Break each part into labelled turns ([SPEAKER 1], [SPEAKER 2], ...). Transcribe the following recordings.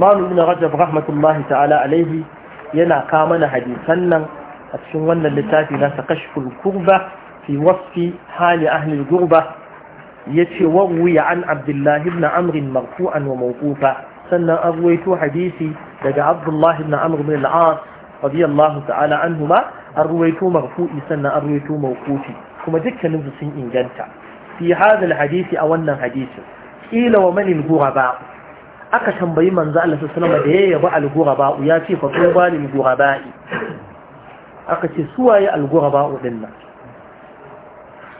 [SPEAKER 1] malu ibn rajab rahmatullahi ta'ala alaihi yana kama na hadisan nan a cikin wannan littafi na sa kashful kurba fi wasfi hali ahli gurba yace wa ruwiya an abdullahi ibn amr marfu'an wa mawqufa sannan an ruwaito hadisi daga abdullahi ibn amr ibn al-as radiyallahu ta'ala anhuma an ruwaito marfu'i sannan an ruwaito mawqufi kuma dukkanin su sun inganta fi hadha al-hadisi a wannan hadisin qila wa man al-ghuraba aka tambayi manzo Allah sallallahu alaihi da ya yaba al-ghuraba ya ce fa tuba ghurabai aka ce suwaye al-ghuraba din nan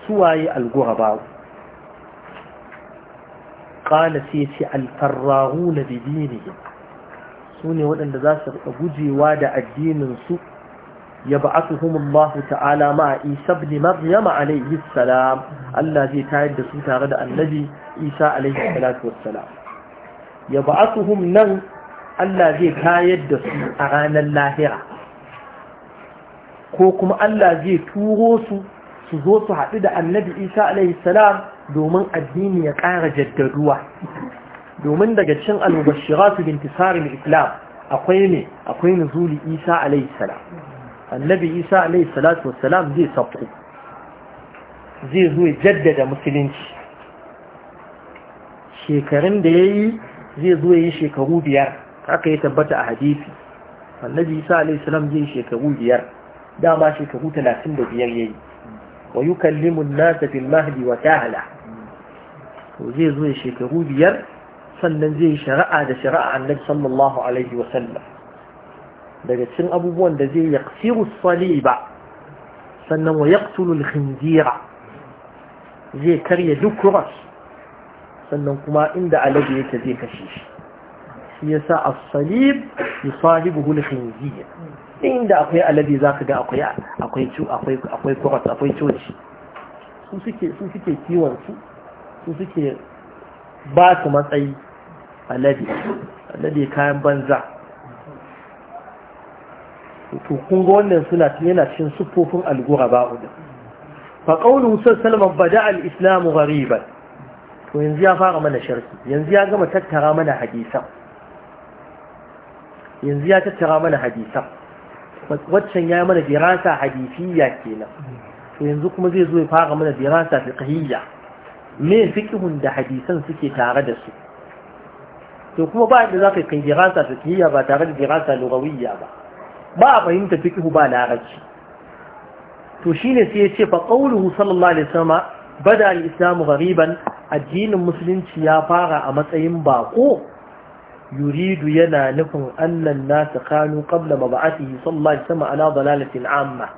[SPEAKER 1] suwaye al-ghuraba qala sai al-farraghun bi dinihim sune waɗanda za su gujewa da addinin su يبعثهم الله تعالى مع عيسى بن allah zai tayar da su tare da النبي عيسى عليه الصلاة والسلام ya ba'atuhum nan Allah zai kayar da su a ranar lahira ko kuma Allah zai turo su su zo su haɗu da annabi isa alaihi salam domin addini ya ƙara jaddaduwa domin daga cin al binti tsarin islam akwai ne akwai nuzuli isa alaihi salam annabi isa alaihi salatu wassalam zai sauko zai zo jaddada musulunci shekarun da ya yi zai zo yi shekaru biyar haka ya tabbata a hadisi annabi isa alayhi salam zai shekaru biyar dama shekaru talatin da biyar yayi wa yukallimu an-nasa fil mahdi wa kahala to zai zo yi shekaru biyar sannan zai shari'a da shari'a annabi sallallahu alaihi wa sallam daga cikin abubuwan da zai yaksiru saliba sannan wa yaqtulu al zai karya duk ras sannan kuma inda alade yake zai kashe shi shi yasa as-salib yusahibuhu al-khinzir inda akwai alade ka ga akwai akwai akwai coci su suke su kiwon su su suke ba su matsayi alade alade kayan banza to kun wannan suna yana cikin sufofin algura ghuraba fa qawluhu bada al-islamu ghariban to yanzu ya fara mana sharki yanzu ya gama tattara mana hadisan yanzu ya tattara mana hadisan waccan ya mana dirasa hadisiyya kenan to yanzu kuma zai zo ya fara mana dirasa fiqhiyya me fiqhun da hadisan suke tare da su to kuma ba yadda zaka kai dirasa fiqhiyya ba tare da dirasa lugawiyya ba ba a fahimta fiqhu ba larabci to shine sai ya ce fa qawluhu sallallahu alaihi wasallam bada al-islamu addinin musulunci ya fara a matsayin bako yuridu yana nufin annan nasu kanu ƙabla mab'athihi sallallahu alaihi wasallam ala dalalatin amma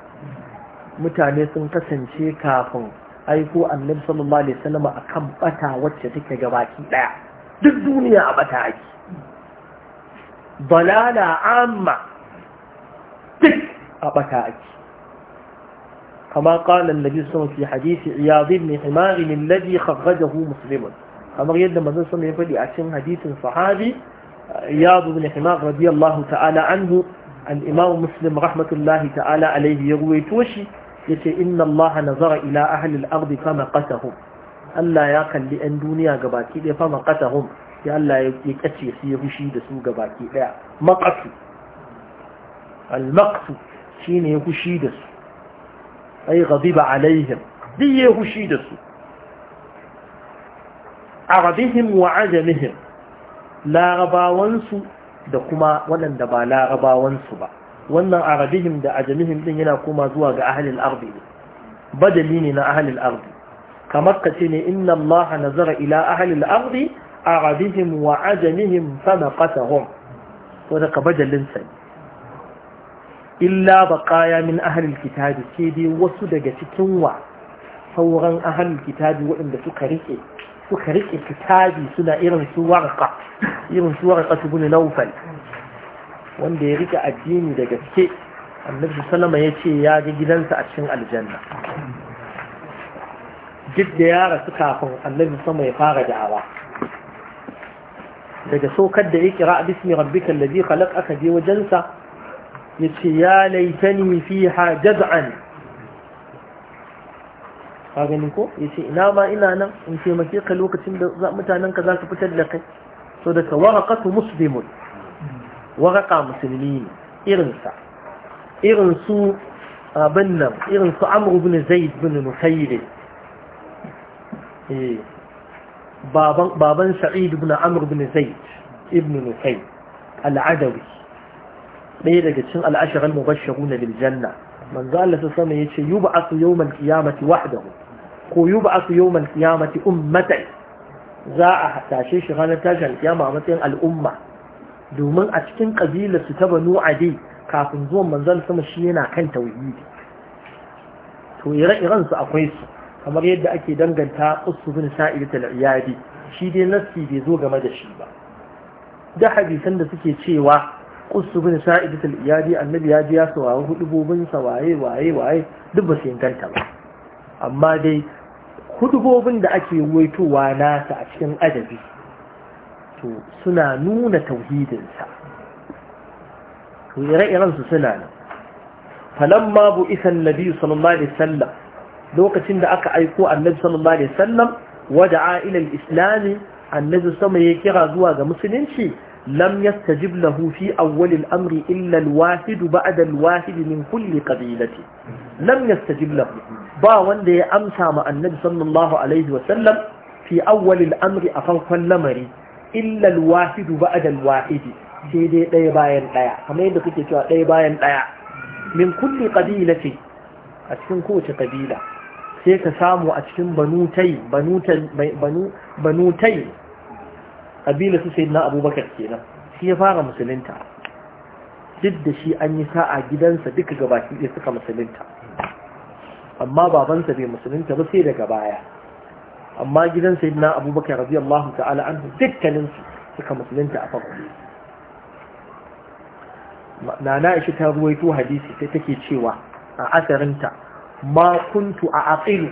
[SPEAKER 1] mutane sun kasance kafin aiko annabi sallallahu alaihi a akan bata wacce take gabaki daya duk duniya a bata ake dalala amma duk a bata ake كما قال النبي صلى الله عليه وسلم في حديث عياض بن حمار الذي خرجه مسلم كما يد ما صلى الله عليه وسلم عشان حديث صحابي عياض بن حمار رضي الله تعالى عنه الإمام مسلم رحمة الله تعالى عليه يروي توشي يتي إن الله نظر إلى أهل الأرض فمقتهم ألا يقل لأن دنيا قباكي فمقتهم يا الله يكأتي سيغشي دسو قباكي لا مقت المقت شين يغشي دسو ai ghadiba alaihim diye hushi da su arabihim wa ajamihim larabawansu da kuma waɗanda ba larabawansu ba wannan arabihim da ajamihim din yana koma zuwa ga ahalil ardi ne badali ne na ahalil ardi kamar ka ce ne inna Allah nazara ila ahlil ardi arabihim wa ajamihim fa naqatahum to daga badalin ne. illa baqaya min ahli kitabi sai dai wasu daga cikin wa sauran ahlil kitabi waɗanda suka rike suka rike kitabi suna irin su warqa irin su warqa ibn nawfal wanda ya rike addini da gaske annabi sallama ya ce ya ga gidansa a cikin aljanna duk da ya rasu kafin annabi sama ya fara da'awa daga saukar da ya kira bismi rabbikal ladhi khalaq aka je wajensa yace ya laitani fiha jaz'an ka gani ko yace ina ma ina nan in taimake ka lokacin da mutanen ka za su fitar da kai so da ka warakatu muslimun waraka irin sa irin su abin nan su amur bin zaid bin eh baban sa'id bin amur bin zaid ibn al al'adawi ɗaya daga cikin al'ashirar mubashshiruna bil janna manzo Allah sai sama yace yub'asu yawmal qiyamati wahdahu ko yub'asu yawmal qiyamati ummatan za a tashe shi ranar tashin kiyama a matsayin al'umma domin a cikin kabilar su ta banu adi kafin zuwan manzon sama shi yana kan tauhidi to ire-iren su akwai su kamar yadda ake danganta usu bin sa'id al shi dai nassi bai zo game da shi ba da hadisan da suke cewa ƙusu bin sa'id al-iyadi annabi ya ji ya sawaye sa waye waye waye duk ba su inganta ba amma dai hudubobin da ake waitowa nasa a cikin adabi to suna nuna tauhidinsa to ire-iren su suna nan falamma bu isan nabi sallallahu alaihi sallam. lokacin da aka aiko annabi sallallahu alaihi sallam, wada'a ila al-islam annabi sama ya kira zuwa ga musulunci lam yastajib lahu fi awwal al-amri illa al-wahid ba'da al-wahid min kulli qabilati lam yastajib lahu ba wanda ya amsa ma annabi sallallahu fi awwal amri a farkon lamari illa al-wahid ba'da al-wahid sai dai ɗaya bayan ɗaya kamar yadda kake cewa ɗaya bayan ɗaya min kulli qabilati a cikin kowace kabila sai ka samu a cikin banutai ƙabila su na abubakar kenan shi ya fara musulunta duk da shi an yi sa'a gidansa duka gabaki ɗaya suka musulunta amma babansa bai musulunta ba sai daga baya amma gidansa gidan na abubakar radiyallahu ta'ala anhu dukkanin suka musulunta a farko nana ishi ta ruwaito hadisi sai take cewa a asarinta ma kuntu a aqilu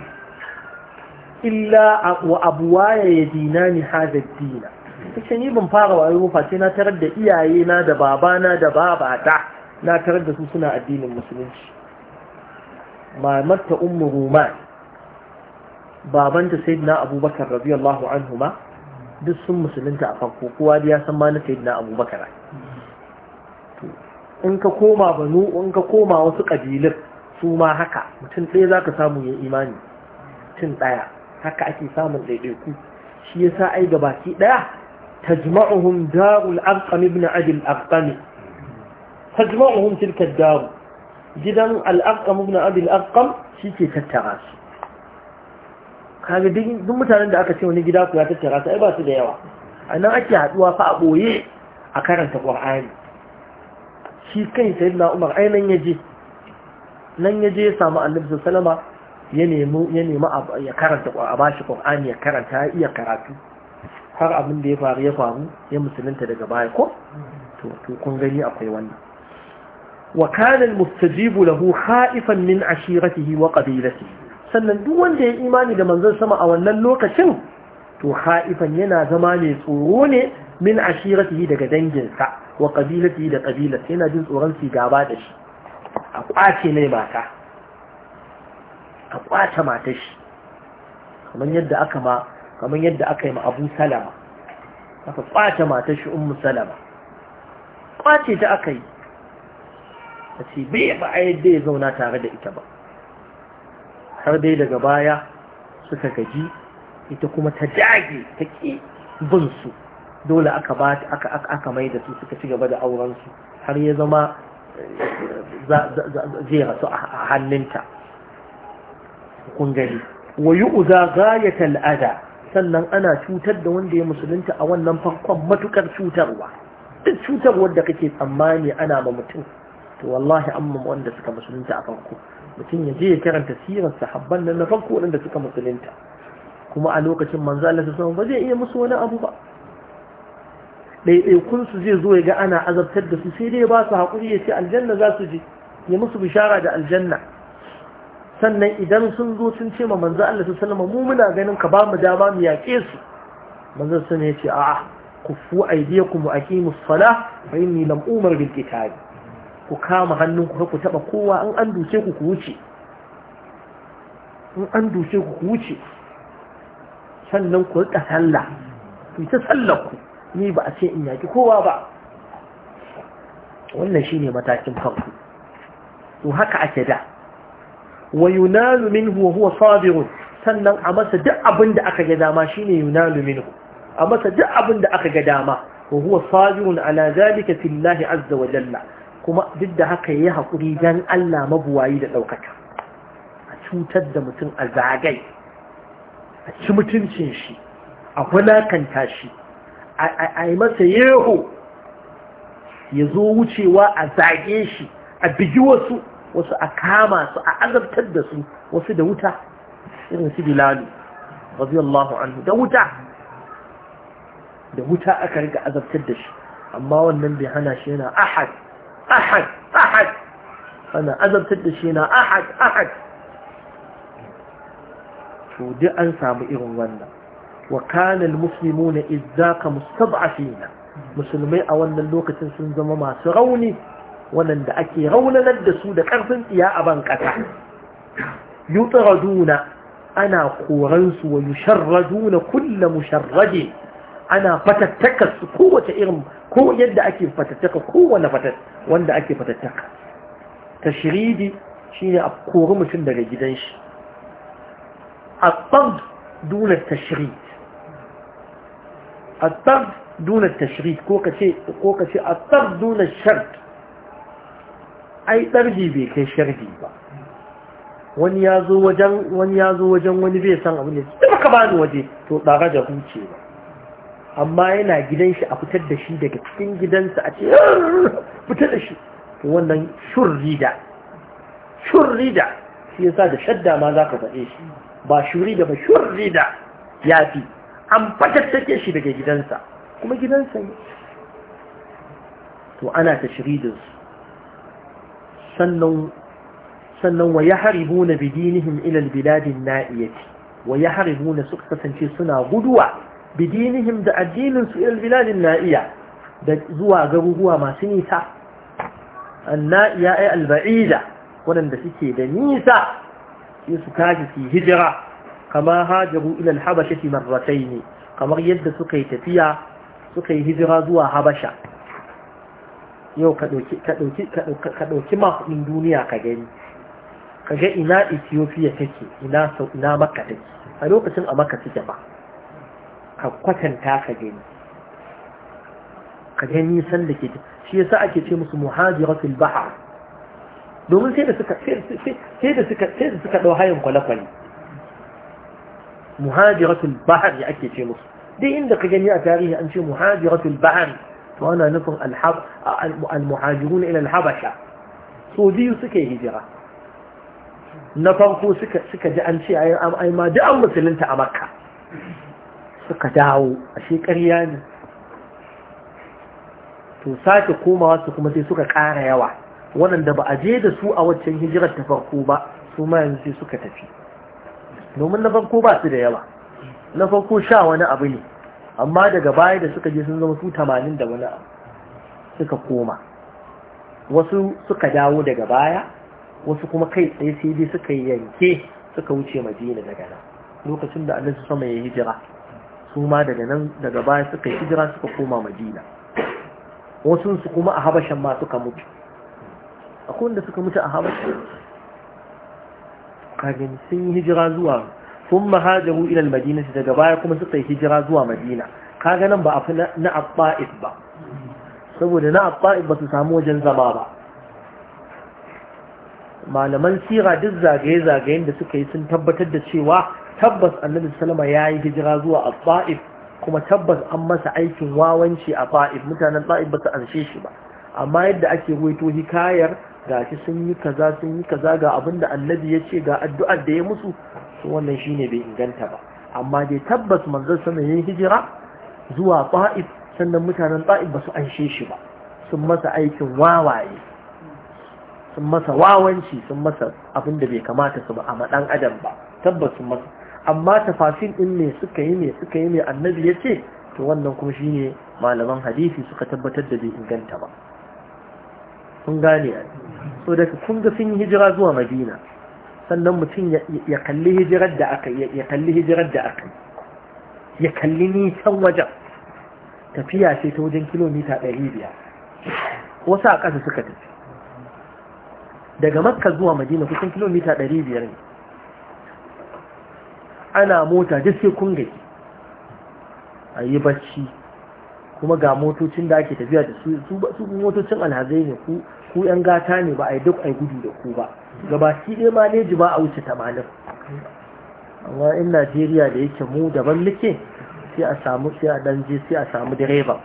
[SPEAKER 1] illa wa abuwa abwaya dina ni ad dina. yace ni ban fara wayo ba sai na tarar da iyaye na da babana da babata na tarar da su suna addinin musulunci mamarta ummu babanta sayyidina abubakar radiyallahu anhuma duk sun musulunta a farko kowa ya san ma na sayyidina abubakar in ka koma banu in ka koma wasu kabilun su ma haka mutum ɗaya za ka samu ya imani mutum ɗaya haka ake samun ɗaiɗaiku shi yasa ai gabaki ɗaya تجمعهم دار الأرقم ابن عدي الأرقم تجمعهم تلك الدار جدا الأرقم ابن عدي الأرقم شيكي تتراس kaga duk mutanen da aka ce wani gida su ya tattara su ai ba su da yawa a nan ake haɗuwa fa a boye a karanta shi kai sai na umar nan yaje je ya samu annabi ya nemi ya nemi ya karanta bashi ya karanta ya iya karatu har abin da ya faru ya faru ya musulunta daga baya ko to kun gani akwai wannan wa kana almustajibu lahu khaifan min ashiratihi wa qabilatihi sannan duk wanda ya imani da manzon sama a wannan lokacin to khaifan yana zama ne tsoro ne min ashiratihi daga danginsa wa qabilatihi da qabilarsa yana jin tsoron su gaba da shi a kwace mata a kwace matar shi kamar yadda aka ma kamar yadda aka yi ma abu salama aka kwace matar shi ummu salama kwace ta aka yi ta ce bai ba a yadda ya zauna tare da ita ba har dai daga baya suka gaji ita kuma ta dage ta ƙi bin su dole aka ba aka aka mai da su suka ci gaba da auren su har ya zama zai rasu a hannunta kun gani wa yu'za ghayatal lada? sannan ana cutar da wanda ya musulunta a wannan farkon matukar cutarwa duk cutarwar da kake tsammani ana ma mutum to wallahi amma wanda suka musulunta a farko mutum ya je ya karanta sirar sahabban nan na farko wanda suka musulunta kuma a lokacin manzo Allah sallallahu ba zai iya musu wani abu ba ɗaiɗaikun su zai zo ya ga ana azabtar da su sai dai ba su haƙuri ya ce aljanna za su je ya musu bishara da aljanna sannan idan sun zo sun ce ma manzo Allah sallallahu sallama mu muna ganin ka ba mu dama mu yake su manzo sun a a a'a kufu aydiyakum mu aqimus salah fa inni lam umar bil qital ku kama hannun ku taba kowa an an duce ku ku wuce in an duce ku ku wuce sannan ku rika sallah ku ta sallaku ni ba a ce in yaki kowa ba wannan shine matakin farko to haka ake da wa yunalu minhu wa huwa sabirun sannan a masa duk abinda aka ga dama shine yunalu minhu a masa duk abinda da aka ga dama wa huwa sabirun ala zalika fillahi azza wa jalla kuma duk da haka yayi hakuri dan Allah mabuwayi da daukaka a cutar da mutum a zagai a ci mutuncin shi a wulakanta shi a yi masa yeho ya zo wucewa a zage shi a bigi wasu wasu a kama su a azabtar da su wasu da wuta irin su bilalu radiyallahu anhu da wuta da wuta aka riga azabtar da shi amma wannan bai hana shi yana ahad ahad ahad ana azabtar da shi yana ahad ahad to duk an samu irin wannan wa kana almuslimuna idzaka mustad'afina musulmai a wannan lokacin sun zama masu rauni wanda ake raunanar da su da ƙarfin tsiya a ban ƙasa yutraduna ana koran su wa yusharraduna kullu musharrade ana fatattaka su kowace irin ko yadda ake fatattaka kowane fatat wanda ake fatattaka tashridi shine a kori mutum daga gidan shi الطرد دون tashrid الطرد دون tashrid ko kace ko kace الطرد دون shart ai ɗarji bai kai sharhi ba wani ya zo wajen wani ya bai san abin da ba ka bani waje to ɗara da huce ba amma yana gidan shi a fitar da shi daga cikin gidansa a ce fitar da shi to wannan shurrida shurrida shi yasa da shadda ma za ka faɗe shi ba shurrida ba shurrida ya fi an fatattake shi daga gidansa kuma gidansa ne to ana ta su sannan ya wa yahribuna bidinihim na iya na'iyati wa yahribuna suka kasance suna guduwa bidinihim da addininsu su biladin na iya. da zuwa garuruwa masu nisa anna'iya ay alba'ida waɗanda suke da nisa sai su kaji su hijira kama hajaru ila alhabashati ne. kamar yadda suka yi tafiya suka yi hijira zuwa habasha yau ka ɗauki makuɗin duniya ka gani ka ga ina ethiopia take ina maka take a lokacin a maka suke ba ka kwatanta ka gani ka gani san da ke shi yasa ake ce musu muhajiratul bahar domin sai da suka sai da suka sai da suka dau hayan muhajiratul bahar ake ce musu dai inda ka gani a tarihi an ce muhajiratul bahar to ana nufin al-muhajirun ila al-habasha so biyu suka yi hijira na farko suka ji an ce ai ma duk an musulunta a makka suka dawo a shekarya ne to sake komawa su kuma sai suka kara yawa waɗanda ba a je da su a waccan hijirar ta farko ba su ma sai suka tafi domin na farko ba da yawa na farko sha wani abu ne amma daga baya da suka je sun zama su tamanin da wani suka koma wasu suka dawo daga baya wasu kuma kai tsaye sai dai suka yanke suka wuce madina daga nan lokacin da annabi sama ya hijira su ma daga nan daga baya suka hijira suka koma madina wasu su kuma a habashan ma suka mutu akwai wanda suka mutu a habashan kagin sun hijira zuwa madina ilal su daga baya kuma suka yi hijira zuwa madina, kaga nan ba a fi na abba'if ba saboda na ba su samu wajen zama ba malaman sira duk zagaye-zagayen da suka yi sun tabbatar da cewa tabbas annabi salama ya yi hijira zuwa abba'if kuma tabbas an masa aikin wawanci a ba'if mutanen ba'if ba su anshe shi ba amma yadda ake waito hikayar ga shi sun yi kaza sun yi kaza ga abin da annabi ya ce ga addu'ar da ya musu su wannan shine bai inganta ba amma dai tabbas manzon sama yayin hijira zuwa ta'if sannan mutanen ta'if ba su anshe shi ba sun masa aikin wawaye sun masa wawanci sun masa abin da bai kamata su ba a maɗan adam ba tabbas sun masa amma tafafin in ne suka yi ne suka yi ne annabi ya ce to wannan kuma shine malaman hadisi suka tabbatar da bai inganta ba kun gane so daga kun ga sun hijira zuwa madina sannan mutum ya kalli hijirar da aka ya kalli hijirar da aka ya kalli nisan wajen tafiya ce ta wajen kilomita 500 wasu a ƙasa suka tafi daga makka zuwa madina kusan kilomita 500 ne ana mota duk sai kun gaji a yi bacci kuma ga motocin da ake tafiya da su motocin alhazai ne ku ku yan gata ne ba a yi duk ai gudu da ku ba shi ɗaya ma ne ba a wuce tamanin amma in najeriya da yake mu daban muke sai a samu sai a dan je sai a samu direba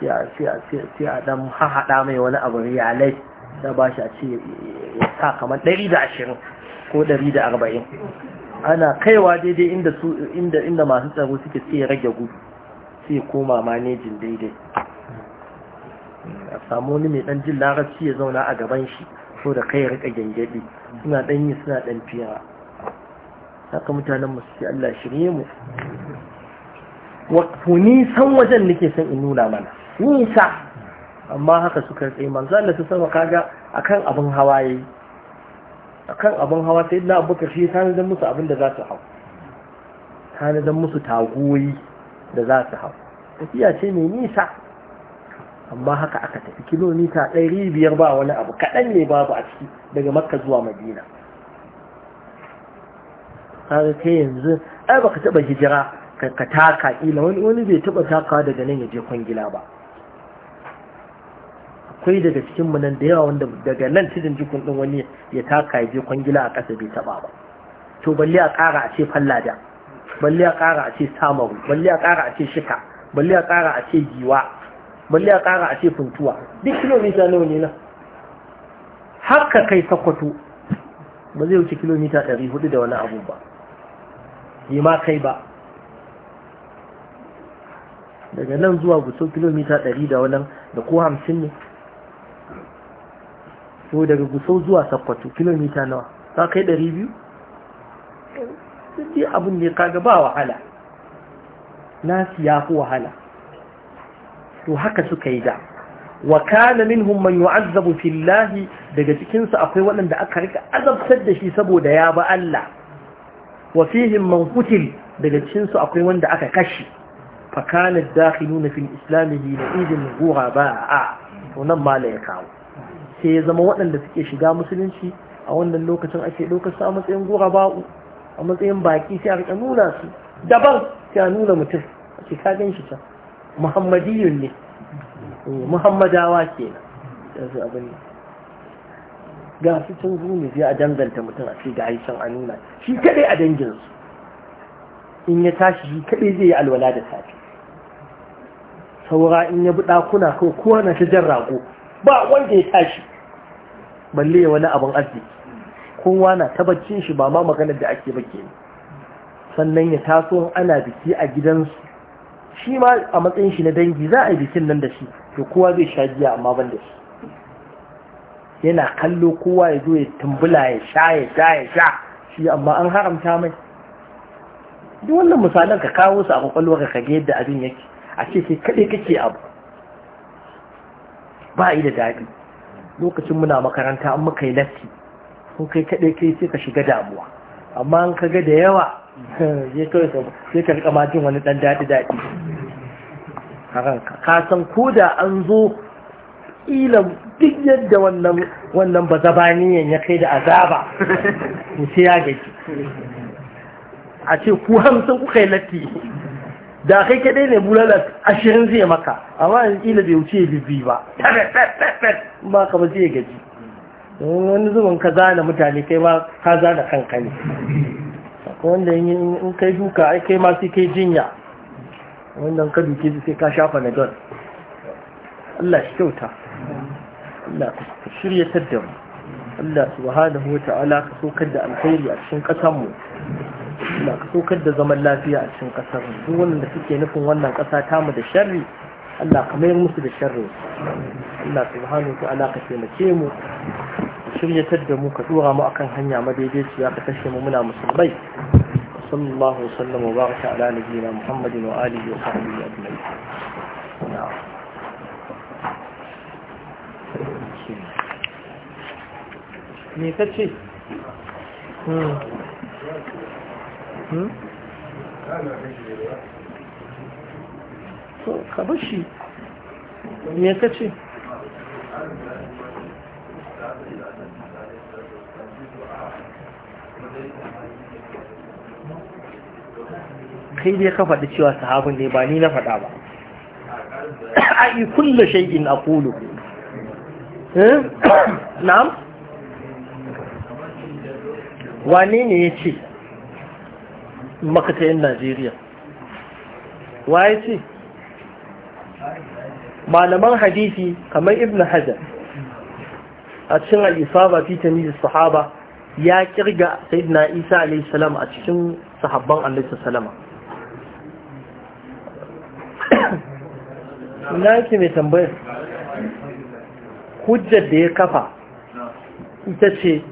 [SPEAKER 1] sai a dan hahaɗa mai wani abu riyalai da ba shi a ce ya sa kamar da ashirin ko da arba'in. ana kaiwa daidai inda su inda masu tsaro suke sai rage gudu sai koma manejin daidai a samu wani mai dan jin larabci ya zauna a gaban shi so da kai ya rika gyangyaɗe suna dan yi suna dan fiya haka mutanen mu sai Allah shirye mu wato ni san wajen nake son in nuna mana nisa amma haka suka tsaye manzo Allah su sama kaga akan abin hawaye akan abin hawa sai abu abubakar shi sanar dan musu abin da za su hau sanar dan musu tagoyi da za su hau tafiya ce mai nisa amma haka aka tafi kilomita ɗari biyar ba wani abu kaɗan ne babu a ciki daga makka zuwa madina kaga kai yanzu ai baka taɓa hijira ka taka ila wani wani bai taɓa takawa daga nan ya je kwangila ba akwai daga cikin mu nan da yawa wanda daga nan cikin jikun ɗin wani ya taka ya je kwangila a ƙasa bai taɓa ba to balle a ƙara a ce fallada balle a ƙara a ce samaru balle a ƙara a ce shika balle a ƙara a ce giwa balle a ƙara a ce funtuwa duk kilomita nawa ne na? har ka kai sakwato ba zai wuce kilomita 400 da wani abu ba yi ma kai ba daga nan zuwa guso kilomita 100 da wani da ko 50 ne so daga guso zuwa sakwato kilomita nawa ta kai 200 ce abin ne ga ba wahala na siya ko wahala to haka suka yi da wa kana minhum man yu'azzabu fillahi daga cikin su akwai waɗanda aka rika azabtar da shi saboda ya ba Allah wa fihim man qutil daga cikin su akwai wanda aka kashi fa kana dakhiluna fil islam hina idin ghuraba to nan kawo sai ya zama waɗanda suke shiga musulunci a wannan lokacin ake ɗaukar a matsayin ghuraba a matsayin baki sai a rika nuna su daban sai a nuna mutum a ka gan shi can muhammadiyun ne eh, muhammadawa ke yanzu abin ga su can zuni zai a danganta mutum a ce ga aishan a nuna shi kaɗai a danginsu in ya tashi shi kaɗai zai yi alwala da safe saura in ya bi kuna ko kuwa na ta jan rago ba wanda ya tashi balle wani abin arziki kowa na tabbacin shi ba ma maganar da ake bakke sannan ya taso ana biki a gidansu shi ma a matsayin shi na dangi za a yi bikin nan da shi to kowa zai sha giya amma ban da shi yana kallo kowa ya zo ya tumbula ya sha ya sha ya sha shi amma an haramta mai duk wannan misalan ka kawo su a kwakwalwa ka ga yadda abin yake a ce sai kaɗai kake abu ba yi da daɗi lokacin muna makaranta an muka yi latti kun kai kaɗai kai sai ka shiga damuwa amma an ka ga da yawa sai ka rika ma jin wani ɗan daɗi daɗi a ka san ko da an zo ilan duk yadda wannan ba zabaniyan ya kai da azaba in sai ya gaji a ce ku hamsin kuka yi latti da kai kaɗai ne bulala ashirin zai maka amma yanzu ila bai wuce bibi ba ba ka ba zai gaji wani zuwan ka zana mutane kai ma ka zana kanka ne wanda in kai duka kai ma sai kai jinya wannan ka duke su sai ka shafa na don Allah shi kyauta Allah ka shirya tadda mu Allah subhanahu wa ta'ala ka sokar da alkhairi a cikin ƙasar mu Allah ka sokar da zaman lafiya a cikin ƙasar mu wannan da suke nufin wannan ƙasa ta mu da sharri Allah ka mayar musu da sharri Allah subhanahu wa ala ka taimake mu shirya da mu ka tsora mu akan hanya madaidaiciya ka kashe mu muna musulmai صلى الله وسلم وبارك على نبينا محمد وآله وصحبه أجمعين me ka ce? so Thank you. kai dai ka faɗi cewa sahabin ne ba ni na faɗa ba
[SPEAKER 2] ai kullu
[SPEAKER 1] shay'in aqulu eh? na'am wane ne ya ce makatayin najeriya Waye ce malaman hadisi kamar ibn hajar a cikin al'isaba fi tamizis sahaba ya kirga sayyidina isa alaihissalam a cikin sahabban alaihissalama ina yake mai tambayar hujjar da ya kafa ita ce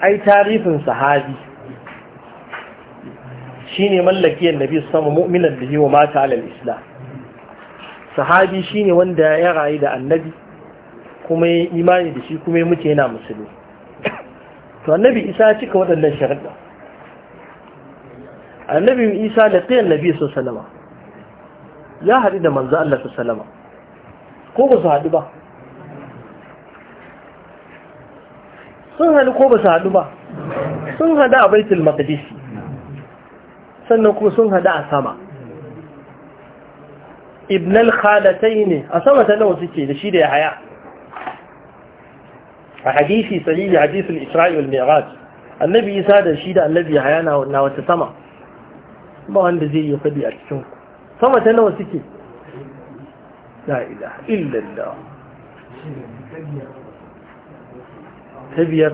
[SPEAKER 1] ai tarifin sahabi shine mallakiyar nabi sama mu'minan bihi wa mata alal islam sahabi shine wanda ya rayu da annabi kuma ya imani da shi kuma ya mutu yana musulmi to annabi isa cika waɗannan sharuɗa annabi isa da tsayin nabi sallama ya haɗu da manzo Allah ta salama ko ba su haɗu ba sun haɗu ko ba su haɗu ba sun haɗu a baitul maqdisi sannan kuma sun haɗu a sama ibn al-khalatai ne a sama ta nawa suke da shi da ya haya a hadisi sahihi hadisul isra'i wal mi'raj annabi isa da shi da annabi ya haya na wata sama ba wanda zai yi fadi a cikin sama ta nawa suke la ilaha illallah ta biyar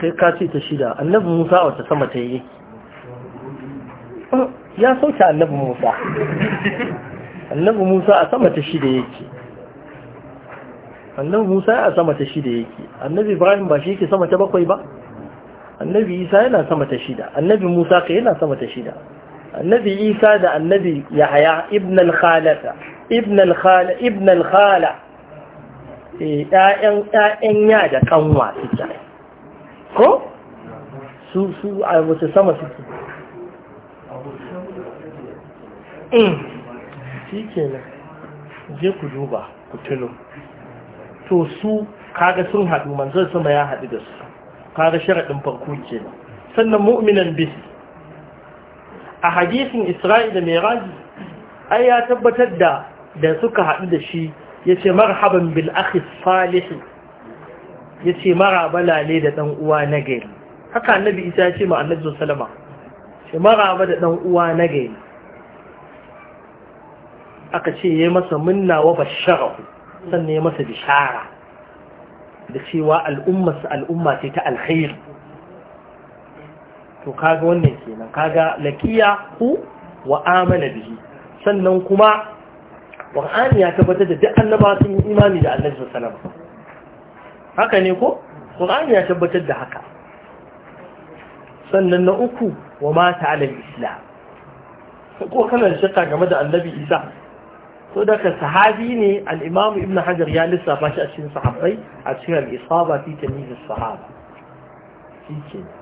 [SPEAKER 1] kai ka ce ta shida annabi musa a wata sama ta yi ya sauke annabi musa annabi musa a sama ta shida yake annabi musa a sama ta shida yake annabi ibrahim ba shi yake sama ta bakwai ba annabi isa yana sama ta shida annabi musa ka yana sama ta shida annabi isa da annabi yahaya ibn al-khalata ibn al-khala ibn al ya da kanwa suke ko su su a wace sama suke shi je ku duba ku tuno to su kaga sun haɗu manzon sama ya haɗu da su kaga sharaɗin farko kenan sannan mu'minan bi. a hadisin isra'il da miraji ai ya tabbatar da da suka haɗu da shi ya ce marhaban bil akhis salihi ya ce marabala ne da ɗan uwa na gari haka annabi isa ya ce ma annabi salama ce maraba da ɗan uwa na gari aka ce ya masa minna wa bashara sannan ya masa bishara da cewa al'ummarsa al'umma ce ta alkhairi to kaga wannan kenan kaga laqiya hu wa amana bihi sannan kuma qur'ani ya tabbatar da duk annaba sun yi imani da annabi sallallahu alaihi wasallam haka ne ko qur'ani ya tabbatar da haka sannan na uku wa mata ala islam ko kana shakka game da annabi isa so daga sahabi ne al-imam ibn hajar ya lissafa shi a cikin sahabbai a cikin al-isaba fi tamyiz as-sahaba shi kenan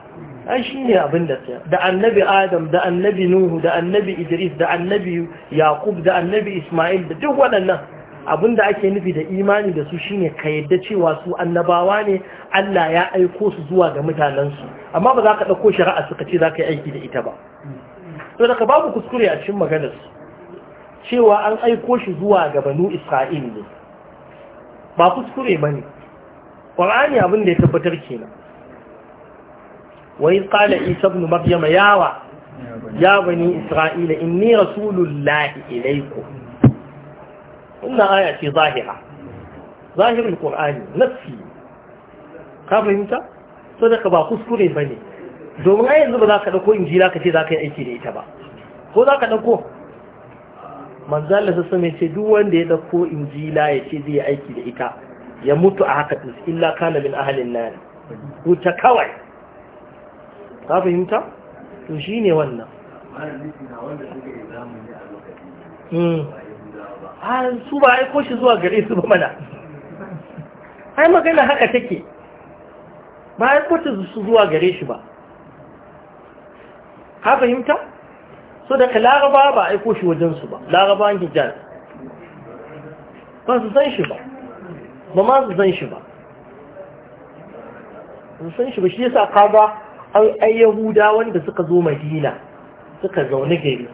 [SPEAKER 1] An shi ne abin da da annabi adam da annabi nuhu da annabi idris da annabi yaqub da annabi isma'il da duk waɗannan abin da ake nufi da imani da su shine ka yadda cewa su annabawa ne Allah ya aiko su zuwa ga mutanensu amma ba za ka ɗauko shari'a suka ce za ka yi aiki da ita ba to daga babu kuskure a cikin maganar cewa an aiko shi zuwa ga banu isra'il ne ba kuskure ba ne ƙwar'ani abin da ya tabbatar kenan وإذ قال عيسى ابن مريم يا يا بني إسرائيل إني رسول الله إليكم إن آية ظاهرة ظاهر القرآن نفسي فهمت صدق با kuskure bane domin ai yanzu ba za ka dauko injila ka ce za ka yi aiki da ita ba ko zaka ka dauko manzo Allah sai sai ce duk wanda ya dauko injila ya ce zai yi aiki da ita ya mutu a haka illa kana min ahlin nar kawai ka fahimta to shi ne wannan hmm. su ba aiko shi zuwa gare su ba mana ai magana haka take ba aiko ta su zuwa gare shi ba ka fahimta so daga laraba ba aiko shi wajensu ba laraba an hijaz ba su san shi ba ba ma su san shi ba su san shi ba shi yasa ka ba ai yahuda wanda suka zo madina suka zaune gari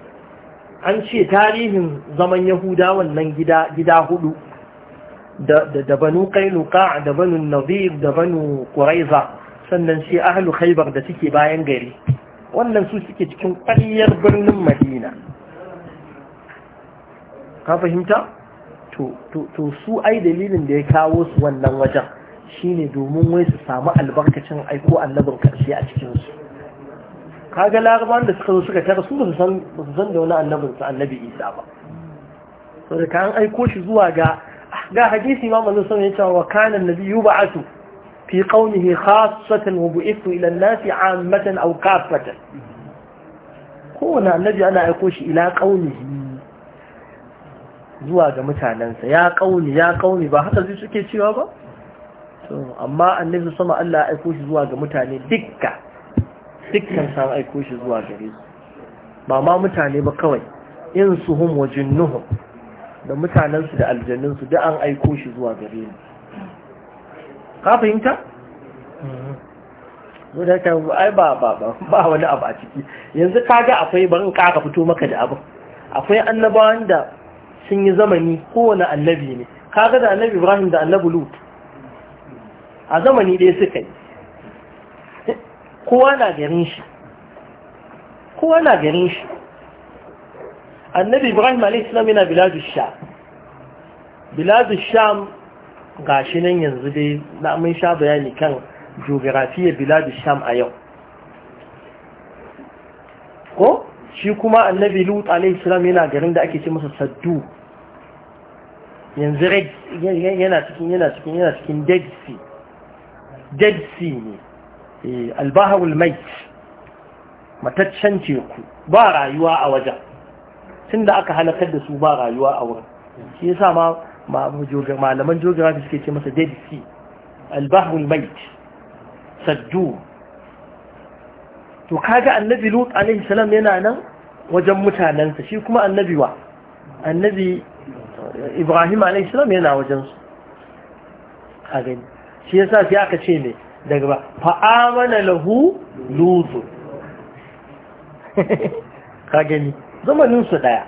[SPEAKER 1] an ce tarihin zaman yahuda wannan gida hudu da banu kailuka da banu nazir da banu kuraiza sannan shi ahlu khaibar da suke bayan gari wannan su suke cikin ƙwaryar birnin madina ka fahimta to su ai dalilin da ya kawo su wannan wajen Shi ne domin wai su samu albarkacin aiko annabin karshe a cikinsu kaga larabawan da suka zo suka tara su ba su san da wani annabin su annabi isa ba So ka an aiko shi zuwa ga ga hadisi ma manzo sun cewa wa kana annabiyyu ba'atu fi qaumihi khassatan wa bu'ithu ila an-nasi 'ammatan aw kaffatan kowane annabi ana aiko shi ila qaumihi zuwa ga mutanansa ya kauni ya kauni ba haka zai suke cewa ba amma annabi sama Allah ya aiko shi zuwa ga mutane dukka dukkan sa aiko shi zuwa gare su ba ma mutane ba kawai in su hum wa jinnuhum da mutanensu da su da an aiko shi zuwa gare ni ka fahimta? mu da ka ai ba ba ba ba wani abu a ciki yanzu kaga akwai barin kaka fito maka da abu akwai annabawan da sun yi zamani kowane annabi ne kaga da annabi ibrahim da annabi lut a zamani ɗaya suka yi kowa na garin shi kowa na garin shi annabi ibrahim alaihissalam yana biladu sha biladu sham ga shi nan yanzu dai na mun sha bayani kan geografiyar biladu sham a yau ko shi kuma annabi lut alaihissalam yana garin da ake ce masa saddu yanzu yana cikin yana cikin yana cikin dead sea dead sea ne eh, albahawul mait mataccen teku ba rayuwa a wajen tun da aka halakar da su ba rayuwa a wurin shi yasa ma malaman geography suke ce masa dead sea albahawul mait saddu to kaga annabi lut alaihi salam yana nan wajen mutanensa shi kuma annabi wa annabi ibrahim alaihi salam yana wajensu a gani shi yasa sai aka ce ne daga ba fa'amana lahu lutu ka gani zamanin su daya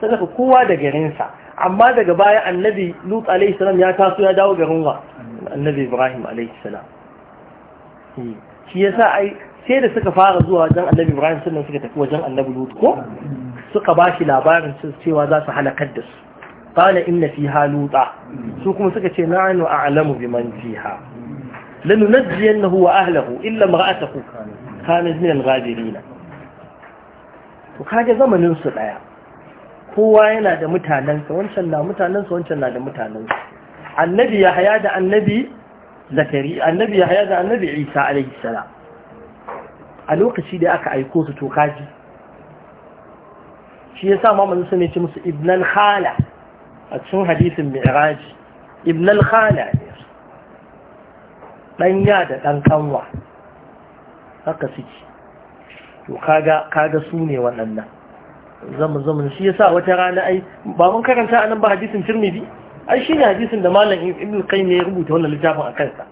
[SPEAKER 1] ta daga kowa da garinsa amma daga baya annabi lutu alaihi salam ya taso ya dawo garin wa annabi ibrahim alaihi salam hmm. shi yasa ai sai da suka fara zuwa wajen annabi ibrahim sannan suka tafi wajen annabi lutu ko suka ba shi labarin cewa za su halakar da su قال إن فيها لوطا سوكم سكتي نحن أعلم بمن فيها لننجينه وأهله إلا امرأته كانت من الغابرين وكاجة زمن نصر آية kowa yana da mutanen mutanensa wancan na mutanensa wancan na da mutanen mutanensa annabi ya da annabi zakari annabi ya da annabi isa alaihi salam a lokaci da aka aiko su to kaji shi yasa ma manzo ne ce musu ibnan khala a cikin hadisin mi'raj ibn al-khala ne dan da dan kanwa haka suke to kaga kaga su ne waɗannan zama zama shi yasa wata rana ai ba mun karanta anan ba hadisin tirmidhi ai shi ne hadisin da malam ibn qayyim ya rubuta wannan littafin a kansa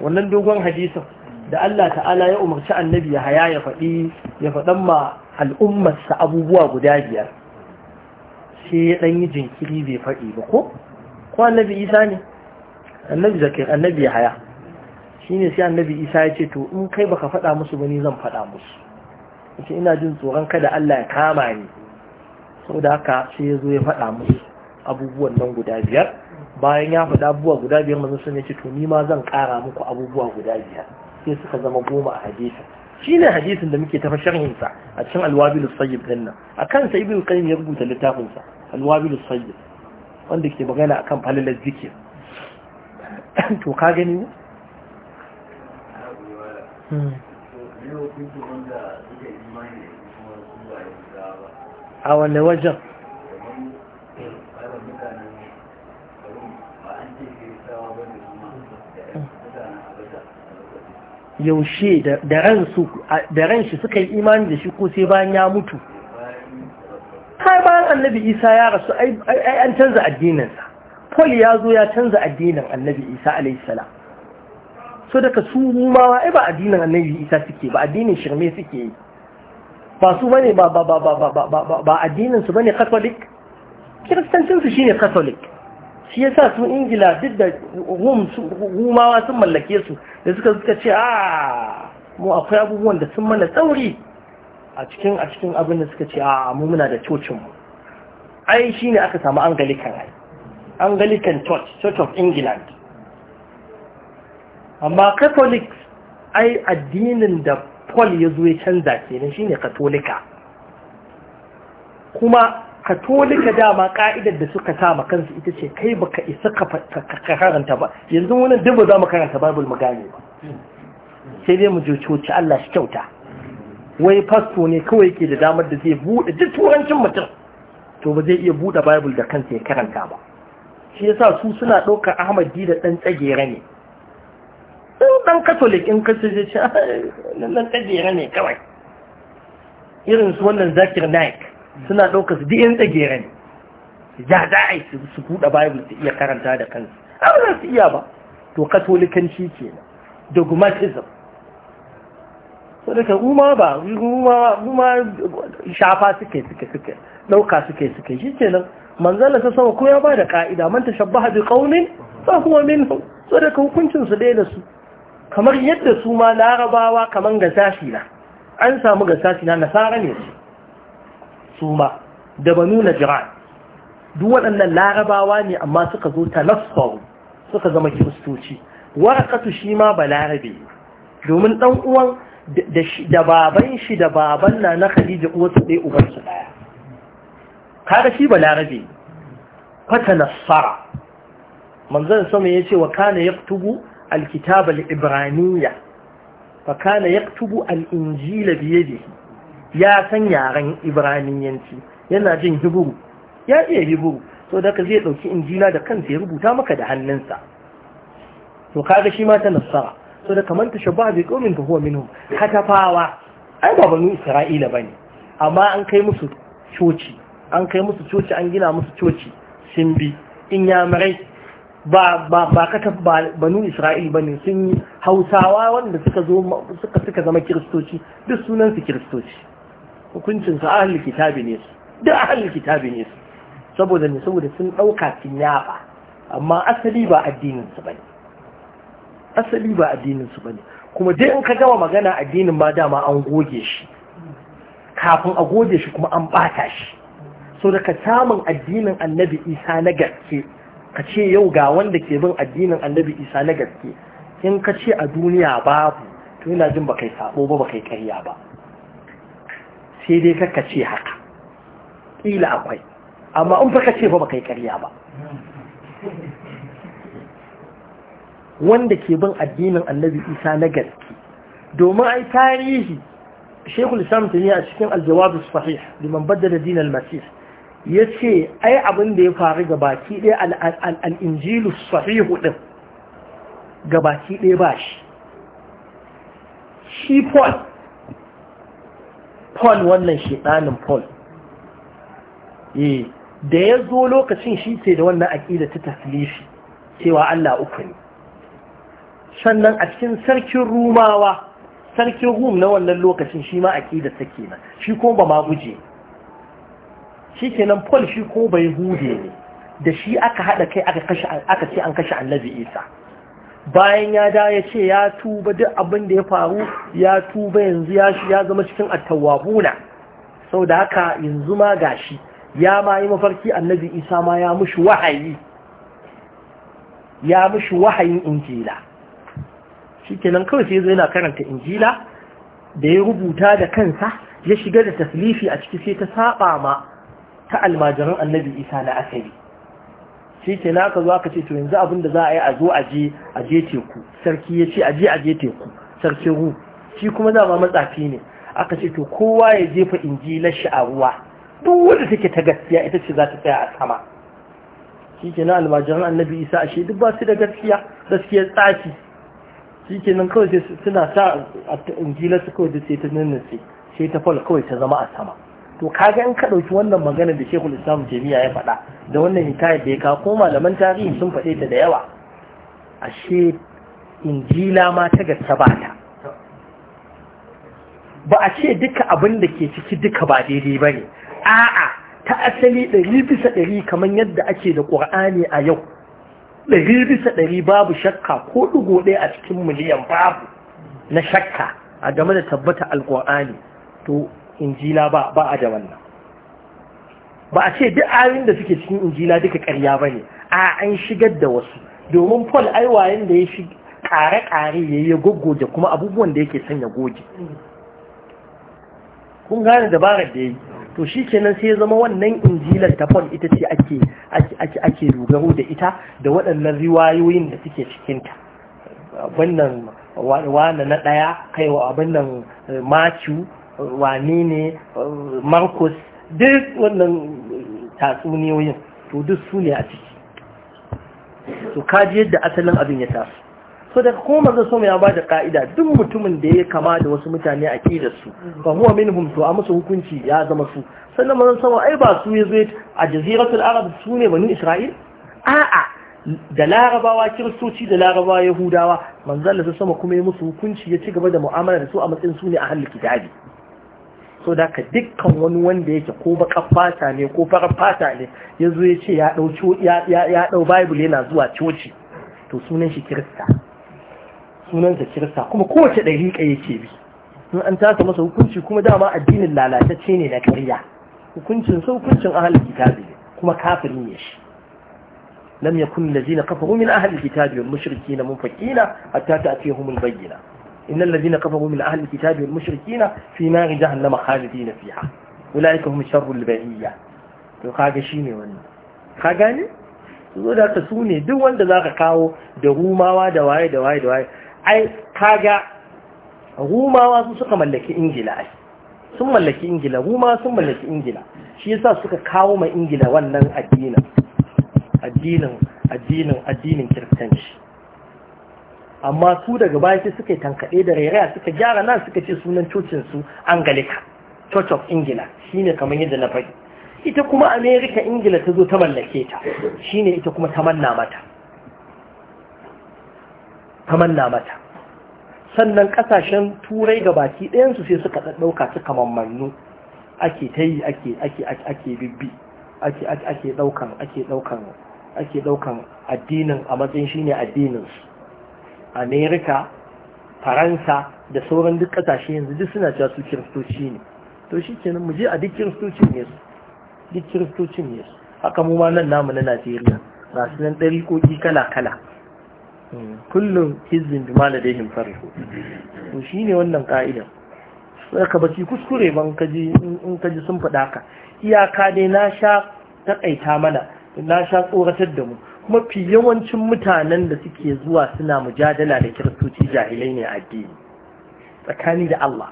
[SPEAKER 1] wannan dogon hadisin da Allah ta'ala ya umarci annabi ya haya ya faɗi ya faɗan ma al'ummarsa abubuwa guda biyar sai ya ɗan yi jinkiri bai faɗi ba ko ko annabi isa ne annabi zakir annabi ya haya shine sai annabi isa ya ce to in kai baka faɗa musu ba ni zan faɗa musu yace ina jin tsoron kada Allah ya kama ni saboda haka sai ya zo ya faɗa musu abubuwan nan guda biyar bayan ya faɗa abubuwa guda biyar mazan sun ya ce to ni ma zan ƙara muku abubuwa guda biyar sai suka zama goma a hadisi ne hadisin da muke tafa sharhin a cikin alwabil sayyib din akan sa ibnu qayyim ya rubuta littafin sa alwabil sayyid wanda ke magana akan falalar zikir to ka gani hmm. a wanne wajen yaushe da ran shi suka yi imani da shi ko sai bayan ya mutu kai bayan annabi isa ya rasu ai an canza addininsa paul ya zo ya canza addinin annabi isa alaihissalam so daga su ma ai ba addinin annabi isa suke ba addinin shirme suke yi ba su bane ba ba ba ba ba ba addinin su bane catholic kiristancinsu shine catholic shi yasa su ingila duk da humawa sun mallake su da suka suka ce a ah, mu akwai abubuwan da sun mana tsauri a cikin a cikin abin da suka ce a ah, mu muna da cocin mu ai shi ne aka samu angalikan ai angalican church church of england amma catholics ai addinin da paul ya zo ya canza kenan shine katolika kuma katolika dama ka'idar da suka sa kansu ita ce kai baka isa ka karanta ba yanzu wani dubu za mu karanta bible mu gane ba sai dai mu je coci Allah shi kyauta wai fasto ne kawai ke da damar da zai bude duk turancin mutum to ba zai iya buɗe bible da kansa ya karanta ba shi yasa su suna ɗaukar Ahmad da ɗan tsagera ne in ɗan katolik in ka ce ce ɗan tsagera ne kawai irin su wannan zakir naik suna ɗaukar su diyan tsagera ne ya za a yi su buɗe bible su iya karanta da kansu A za su iya ba to katolikanci ke nan dogmatism so daga umar ba umar shafa suke suke suke ɗauka suke suke shi ke nan manzala ta sama ko ya ba da ka'ida man ta shabba bi ƙaunin fa min minhum so daga hukuncin su da su kamar yadda su ma larabawa kamar gasashi na an samu gasashi na nasara ne su Suma da banuna jiran duk waɗannan larabawa ne amma suka zo tanassaru suka zama kiristoci warakatu shi ma balarabe domin ɗan uwan da baban shi da baban na na Khadija wasu ɗaya ubansu ɗaya kada shi balarabe fata nasara manzon sama ya ce wa kana yaktubu alkitab al-ibraniyya kana yaktubu al-injila biye ya san yaren ibraniyanci yana jin hiburu ya iya hiburu so da ka zai ɗauki injila da kansa ya rubuta maka da hannunsa to kaga shi ma ta nasara so da kamar ta shabba bai komin ka huwa minhum katafawa. ai ba banu isra'ila bane amma an kai musu coci an kai musu coci an gina musu coci sun bi in yamurai ba ba ba kata banu isra'il bane sun hausawa wanda suka zama kiristoci duk sunansu kiristoci hukuncin su ahlul kitabi ne su duk kitabi ne su saboda ne saboda sun ɗauka sun yaba amma asali ba addinin su bane asali ba addinin su bane kuma dai in ka gama magana addinin ba dama an goge shi kafin a goge shi kuma an bata shi so da ka samun addinin annabi isa na gaske ka ce yau ga wanda ke bin addinin annabi isa na gaske in ka ce a duniya babu to yana jin ba kai sabo ba ba kai karya ba sai dai kaka ce haka ƙila akwai amma in fa ka ce ba baka yi ƙarya ba wanda ke bin addinin annabi isa na gaske domin ai tarihi shekul islam a cikin aljawabu sahih liman baddala din al ya yace ai abin da ya faru ga baki ɗaya al sahihu din ga baki ɗaya ba shi shi paul wannan shedanin paul eh, da ya zo lokacin shi ce da wannan aƙida ta taslifi cewa Allah uku ne sannan a cikin sarkin rumawa sarkin rum na wannan lokacin shi ma aƙida ta kenan shi ko ba ma guje shi kenan paul shi ko bai hude ne da shi aka haɗa kai aka ce an kashe annabi isa bayan ya da ya ce ya tuba duk abin da ya faru ya tuba yanzu ya shi ya zama cikin attawabuna sau da haka yanzu ma ga shi ya ma yi mafarki annabi isa ma ya mushi wahayi ya mushi wahayin injila shi kenan kawai sai zai yana karanta injila da ya rubuta da kansa ya shiga da taslifi a ciki sai ta saba ma ta almajiran annabi isa na asali shi ke na aka zo aka ce to yanzu abin da za a yi a zo aje aje teku sarki ya ce aje aje teku sarki ru shi kuma dama matsafi ne aka ce to kowa ya jefa injilar a ruwa duk wanda take ta gaskiya ita ce za ta tsaya a sama shi ke na almajiran annabi isa ashe duk ba su da gaskiya gaskiya tsafi shi ke nan kawai suna sa injilar su kawai da sai ta nannace sai ta fal kawai ta zama a sama to kaga in ka ɗauki wannan magana da shekul islam jami'a ya faɗa da wannan hikayar da ya kawo ko malaman tarihi sun faɗe ta da yawa ashe injila ma ta gaske ba ta ba a ce duka abin da ke ciki duka ba daidai ba ne a'a ta asali ɗari bisa ɗari kamar yadda ake da ƙur'ani a yau ɗari bisa ɗari babu shakka ko ɗigo ɗaya a cikin miliyan babu na shakka a game da tabbata alƙur'ani to injila ba ba a da wannan ba a ce duk ayoyin da suke cikin injila duka karya ba ne a an shigar da wasu domin paul aiwayen da ya shi ƙare-ƙare ya yi goggoge kuma abubuwan da yake sanya goge kun gane dabarar da ya yi to shi kenan sai ya zama wannan injilar ta paul ita ce ake dogaro da ita da waɗannan riwayoyin da suke cikinta wannan wane na ɗaya kaiwa abin nan eh, wane ne markus duk wannan tatsuniyoyin to duk su ne a ciki to kaji yadda asalin abin ya taso so daga kuma zai so mai ba da ka'ida duk mutumin da ya kama da wasu mutane a kidar su ba huwa minhum to a musu hukunci ya zama su sannan mazan sama ai ba su ya yazo a jaziratul arab su ne banu isra'il a'a da larabawa kiristoci da larabawa yahudawa manzo Allah sama kuma ya musu hukunci ya ci gaba da mu'amala da su a matsayin su ne a halin kitabi so da ka dukkan wani wanda yake ko baka fata ne ko farar fata ne ya zo ya ce ya ɗau bible yana zuwa coci to sunan shi kirista sunansa kirista kuma kowace ɗariƙa yake bi in an tasa masa hukunci kuma dama addinin lalatacce ne na ƙarya hukuncin sa hukuncin ahalin kitabi kuma kafirin ne shi lam yakun allazina kafaru min ahalin kitabi wal mushrikina munfaqina hatta ta'tiyahum bayyina إن الذين كفروا من أهل الكتاب والمشركين في fi جهنم خالدين فيها أولئك هم hum sharrul bariyya to kaga shine wannan ka gane zo da ka su ne duk wanda zaka kawo da rumawa da waye da waye da waye ai kaga rumawa su suka mallaki ingila ai sun mallaki ingila rumawa sun mallaki ingila shi yasa suka kawo mai ingila wannan addinin addinin addinin addinin kiristanci amma su daga baya sai suka yi tankaɗe da rairaya suka gyara nan suka ce sunan cocin su angalica church of ingila shine kamar yadda na faɗi ita kuma america ingila ta zo ta mallake ta shine ita kuma ta manna mata ta manna mata sannan kasashen turai ga baki ɗayansu sai suka ɗauka suka mammannu ake ta yi ake ake ake bibbi ake ake ɗaukan ake ɗaukan ake ɗaukan addinin a matsayin shine addininsu amerika faransa da sauran duk kasashe yanzu duk suna cewa su kiristoci ne to shi kenan mu je a duk kiristocin ne su duk kiristocin ne su haka mu ma nan namu na najeriya ga su nan koki kala kala hmm, kullum hizbin bi mala da yin farko to shi ne wannan ka'idar sai ka baci kuskure ban ji in ji sun faɗa ka iyaka dai na sha taƙaita mana na sha tsoratar da mu mafi yawancin mutanen da suke zuwa suna mujadala da kiristoci jahilai ne a addini tsakani da Allah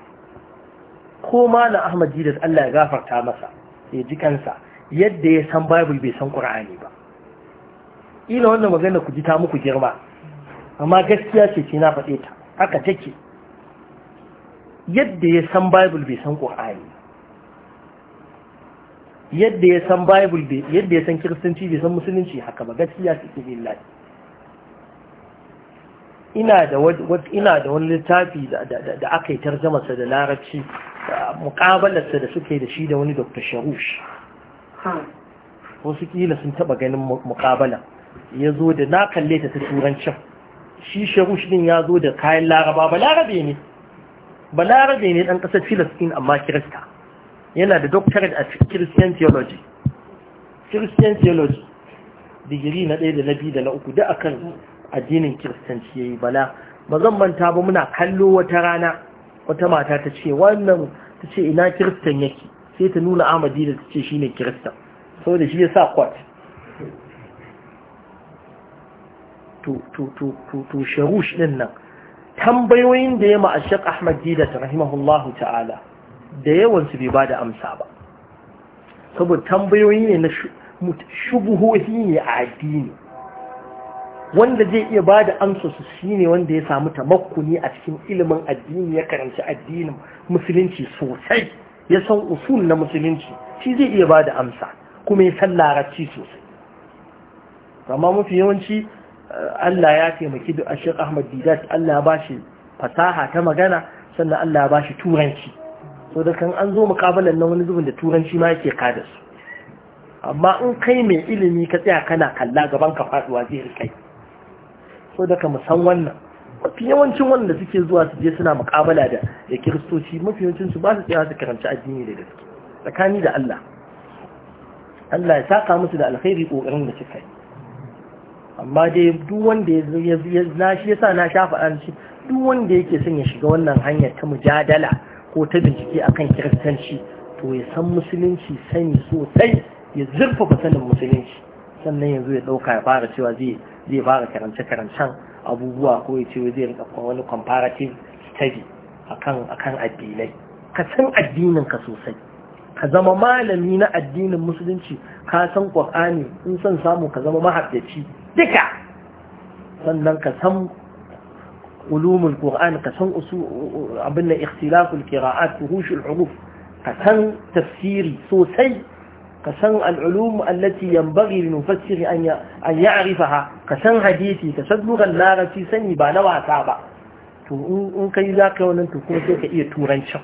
[SPEAKER 1] ko malam Ahmad Jidat Allah ya gafarta masa ya ji kansa yadda ya san Bible bai san Qur'ani ba Ina wannan magana ku ji ta muku girma amma gaskiya ce ce na faɗe ta haka take yadda ya san Bible bai san Qur'ani yadda ya san bible yadda ya san kiristanci bai san musulunci haka ba gaskiya su billahi ina da ina da wani littafi da aka yi tarjamarsa da larabci mukabalarsa da suke da shi da wani dr sharush wasu kila sun taba ganin mukabala ya zo da na kalle ta ta turancin shi sharush din ya zo da kayan laraba ba larabe ne ba larabe ne dan kasar filistin amma kirista yana da doctorate a christian theology christian theology digiri na ɗaya da na biyu da na uku da akan addinin kiristanci ya yi bala ba zan manta ba muna kallo wata rana wata mata ta ce wannan ta ce ina kiristan yake sai ta nuna amadi da ta ce shi ne kiristan saboda shi ya sa kwat to sharush ɗin nan tambayoyin da ya ma'ashek ahmad didat rahimahullahu ta'ala da yawansu bai ba da amsa ba saboda tambayoyi ne na shubuhohi ne a addini wanda zai iya ba da amsa su shi ne wanda ya samu ta makuni a cikin ilimin addini ya karanci addinin musulunci sosai ya san usul na musulunci shi zai iya ba da amsa kuma ya san larabci sosai amma mafi yawanci eh, Allah ya taimaki da Ashir Ahmad Didat Allah ba shi fasaha ta magana sannan Allah ba shi turanci so da kan an zo mukabalan nan wani zubin da turanci ma yake kada su amma in kai mai ilimi ka tsaya kana kalla gaban ka faduwa zai rikai so da ka musan wannan mafi yawancin wanda suke zuwa su je suna mukabala da da kiristoci mafi yawancin su ba su tsaya su karanci addini da gaske tsakani da Allah Allah ya saka musu da alkhairi kokarin da suka yi amma dai duk wanda ya na shi yasa na shafa an shi duk wanda yake son ya shiga wannan hanyar ta mujadala ko ta bincike akan kiristanci to ya san musulunci sani sosai ya zurfafa sanin musulunci sannan yanzu ya ɗauka ya fara cewa zai fara karance-karancen abubuwa ko ya ce zai rika wani comparative study akan akan addinai ka san addinin ka sosai ka zama malami na addinin musulunci ka san qur'ani in san samu ka zama mahaddaci duka sannan ka san ulumul qur'an kasan san usu abin da ikhtilaful qira'at fuhushul huruf ka san tafsiri sosai ka san al'ulum allati yanbaghi lil mufassir an an ya'rifaha ka san hadisi sani ba na wasa ba to in kai zaka wannan to kuma sai ka iya turancin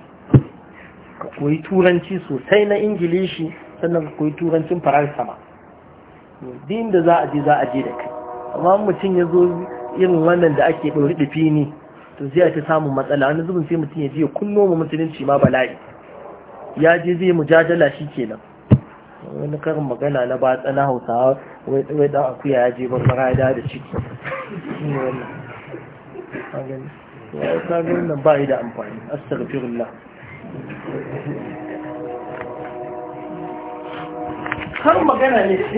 [SPEAKER 1] ka koyi turanci sosai na ingilishi sannan ka koyi turancin faransa ma din za a je za a je da amma mutum ya zo irin wannan da ake ɗori da fini to zai ta samun matsala wani zubin sai mutum ya je kunno mu musulunci ma bala'i ya je zai mujadala shi kenan wani karin magana na batsa na hausawa wai dan akuya ya je bar ya da ciki ya yi ba da amfani astagfirullah
[SPEAKER 2] karin magana ne